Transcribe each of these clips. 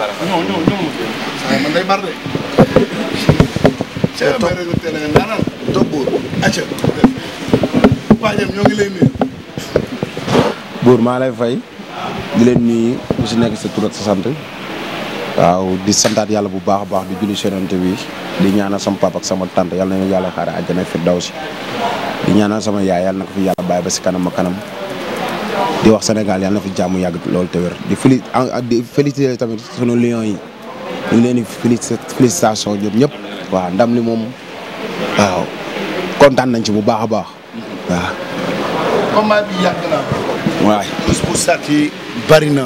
non ma man day buur maa lay fay. di leen nii ku si nekk sa tur sa sant. waaw di santaat yàlla bu baax a baax di julli senante bi di ñaanal sama papa ak sama tante yàlla na ñu yàlla xaare daw si di ñaanal sama yaay yàlla nag ko fi yàlla bàyyi ba si kanam ma kanam. di wax Sénégal yàlla na fu jàmm yàgg loolu te wér di fili di félicité tamit sunu yi ñu ngi leen di félicitation ñoom ñëpp waaw ndam li moom waaw kontaan nañ ci bu baax a baax waaw. combat bi yàgg na. bari na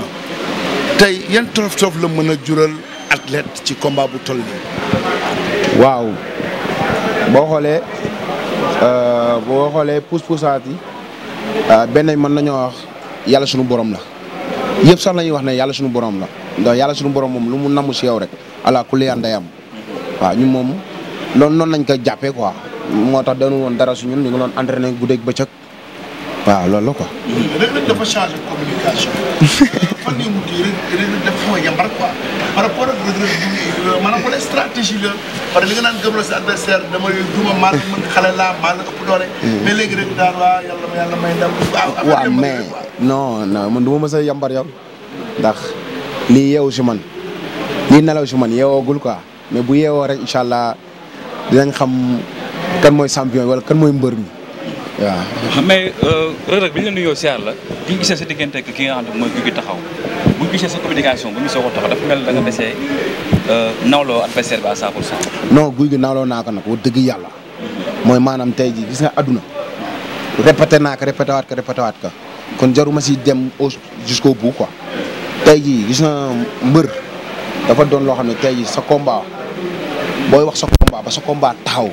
tey yan torof torof la mën a jural athlète ci combat bu toll nii. waaw boo xoolee euh, boo xoolee pousse poussaat yi euh, benn mën nañoo wax. yàlla sunu borom la yëpp sax la ñuy wax ne yàlla sunu borom la ndax yàlla sunu borom moom lu mun namu si yow rek ala ku yaan day am waaw ñun moom loolu noonu lañ ko jàppee quoi moo tax dañu woon dara su ñun loon ngi doon entraîné guddeeg bëccëg waaw loolu la quoi. Mm-hmm. Reug Reug dafa changé communication. stratégie la parce que li nga naan gëm la sa maal mën xale maal ëpp doole. Mm-hmm. mais léegi rek daal waa mais non non man du ma mës yambar yow ndax lii yeewu si man lii nelaw si man yeewoogul quoi mais bu yeewoo rek incha allah dinañ xam kan mooy champion wala kan mooy mbër mi. waaw mais euh, Reug Reug bi ñu la nuyoo siyaar la bi ñu gisee sa diggante ki nga xam ne mooy Gouye Gui taxaw bu ñu gisee sa communication bu ñu soog a taxaw dafa mel da nga desee euh, nawloo adversaire bi à 100 pour cent. non Gouye naa ko nag wax dëgg yàlla mooy maanaam tey jii gis nga àdduna répété naa ko répété waat ka répété waat ko kon jaruma si dem au jusqu'au bout quoi tey jii gis nga mbër dafa doon loo xam ne tey jii sa combat booy wax sa ba sa combat taxaw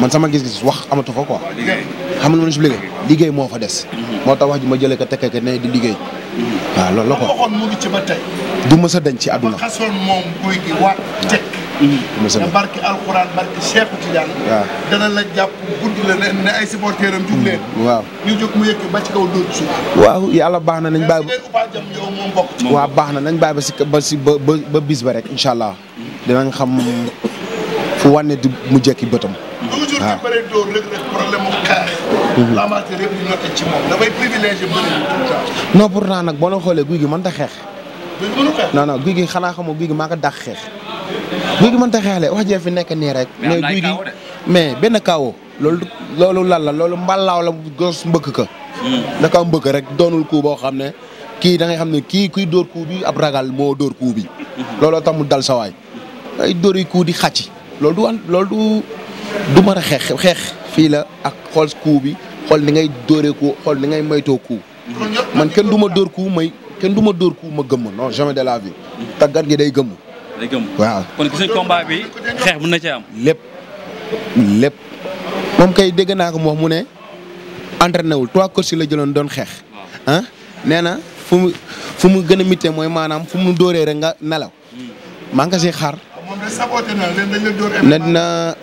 man sama gis-gis wax amatu fa quoi xam nga lu ma expliqué liggéey moo fa des moo tax wax ji ma jële ko tekkee ko ne di liggéey waaw loolu la ko ci ba du ma sa denc ci àdduna xasoon moom guy gi waat teg te barki alxuraan barki Cheikh Tidiane waaw dana la jàpp guddi la mm, yàlla baax na nañ bàyyi ba baax na nañ bàyyi ba si ba bis ba rek incha allah mm. xam fu wànne di mu jekki bëtam. waaw bëri dóor rek rek problème mu xeex. Mhm. nag boo leen xoolee guy gi mënta xeex. guy gi mënu xeex non non guy gi xanaa xamoo guy gi maa ko dàq xeex. guy gi mënta xeexle wax jee fi nekk nii rek. mais guy gi mais benn kawo loolu loolu lan la loolu mbalaaw la gos mbëkk ka. Hmm. da kaa rek doonul kuu boo xam ne kii da xam ne kii kuy dóor kuu bi ab ragal moo dóor kuu bi. Hmm. looloo tax mu dal sa waay ay dóor kuu di xàcc loolu du an loolu du du mën a xeex xeex fii la ak xool coup bi xool ni ngay dóoree ku xool ni ngay maytoo ku man kenn du ma dóor coup may kenn du ma dóor coup ma gëmm non jamais de la vie gan gi day gëmm waaw kon gis nañ combat bi xeex mën na ci am. lépp lépp moom kay dégg naa ko moom mu ne entraîné wul trois courses la jëloon doon xeex. ah nee na fu mu fu mu gën a mité mooy maanaam fu mu dóoree rek nga nelaw. Hmm. maa ngi ko siy ne na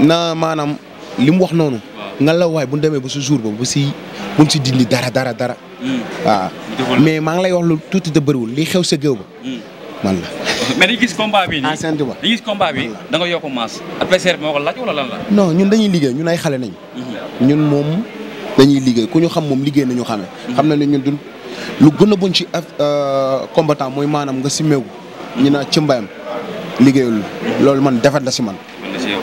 na maanaam li mu wax noonu. nga la waay bu ñu demee ba si jour boobu ba si bu mu si dindi dara dara dara. Hmm. waaw mais maa ngi lay wax lu tuuti te bëriwul lii xew sa géew ba. Hmm. man la. bi nii ah, enceinte ba dañu bi da nga yokk masse. adversaire ñun dañuy liggéey ñun ay xale nañ hmm. ñun moom dañuy liggéey ku ñu xam moom liggéey nañu xamee. xam na ne ñun duñ lu gën a buñ ci euh, combattant mooy maanaam nga simmeeku. ñu naan ci mbayam liggéeyul loolu man defet la si man.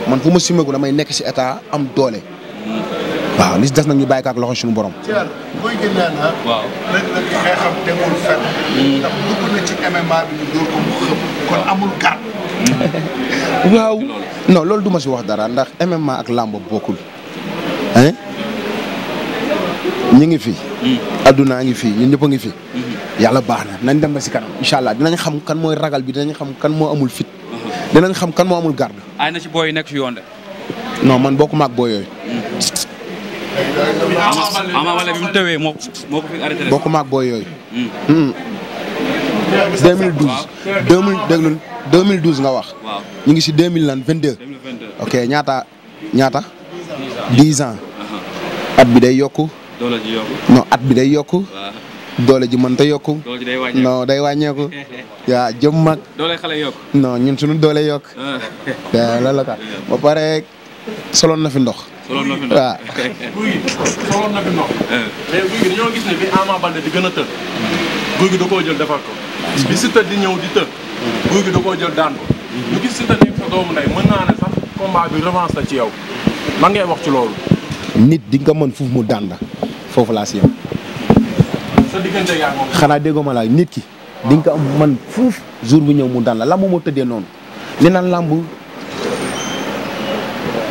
man fu ma simeeku damay nekk si état am doole. waaw li si des ñu bàyyi loxo suñu borom. waaw mm. na mm. loolu du si wax dara ndax MMA ak làmb bokkul. ñu ngi fi. Mm. addunaa ngi fi ñun ñëpp a ngi fi. Mm-hmm. yàlla baax na nañ dem ba si kanam incha allah dinañ xam kan mooy ragal bi dinañ xam kan moo amul fit. dinañ xam kan moo amul garde. ay na ci booy yi nekk ci yoon man bokkuma ak booy yooyu. Ama Baldé bi mu tëwee moo moo ko fi arrêté. bokkuma ak booy yooyu. 2012 hmm. 2000 hmm. déglu nga wax. waaw ñu ngi si 2022. 2022 ok ñaata ñaata. 10 ans 10 uh-huh. at bi day yokku. at bi day yokku. doole ji mën ta yokku. doole day wàññeeku non day wàññeeku. ñun suñu doole yokk waaw ah. loolu la ka ba pare soloon na fi ndox. soloon na fi ndox waaw. guy gi soloon na ah. gis ne bi Ama di gën a tër. guy gi di ñëw di tër. guy gis Siteu nekk sa doomu ndey mën naa ne sax combat bi revanche la ci yow. man ngay wax ci loolu. nit di nga fuuf mu daan foofu laa si yow. xanaa déggoo ma la nit ki. di nga ko am man fuuf jour bu ñëw mu daan la lamb moo tëddee noonu. li lamb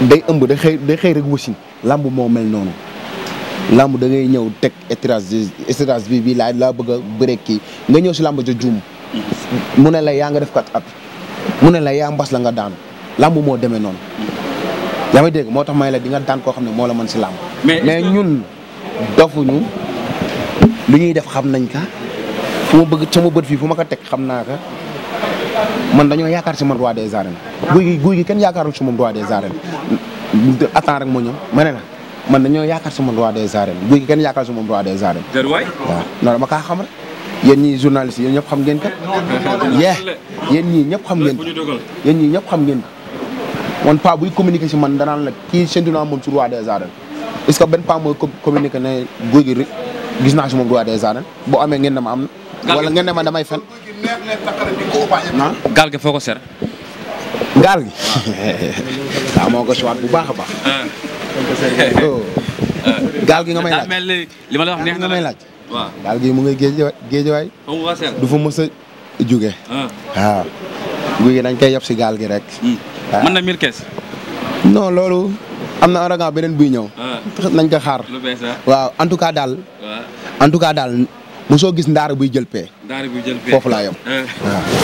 day ëmb day xëy day xëy rek wasin lamb moo mel noonu. lamb da ngay ñëw teg étirage étirage bi bii laa laa bëgg a kii nga ñëw si lamb ja juum. mu ne la yaa nga def kat at mu ne lay yaa mbas la nga daan lamb moo demee noonu. yaa may dégg moo tax may la di nga daan koo xam ne moo la mën si lamb. mais ñun dofuñu lu ñuy def xam nañ ka fu ma bëgg sama bët fii fu ma ko teg xam naa ka man dañoo yaakaar si man roi des arènes guy gi guy gi kenn yaakaarul moom roi des arènes attend rek moo ñëw ma ne la man dañoo yaakaar si man roi des arènes guy gi kenn yaakaar si moom roi de arènes waaw a dama kaa xam rek yéen ñii journaliste yéen ñëpp xam ngeen kat yee yéen ñii ñëpp xam ngeen yéen ñii ñëpp xam ngeen man pa buy communiqué si man danaan la kii séntu naa moom si roi des arènes est ce que benn pa mooy communiqué ne guy gi gis naa si moom droit des arènes boo amee ngeen ne ma am na. wala ngeen ne ma damay fen ah gaal gi foo ko ser gaal gi waaw moo ko suwaat bu baax a baax. Ah. gaal oh. gi nga may laaj daal mel laaj. waaw gaal gi mu ngay géej géejewaay. du fa mës a jóge. waaw ah. ah. gi dañ koy yab gaal gi rek. Hmm. mën loolu. am na ouragan beneen buy ñëw. Ah. nañ ko xaar. lu bees waaw en tout cas daal. en tout cas daal mosoo gis ndaar buy jël pee. ndaar buy jël pee foofu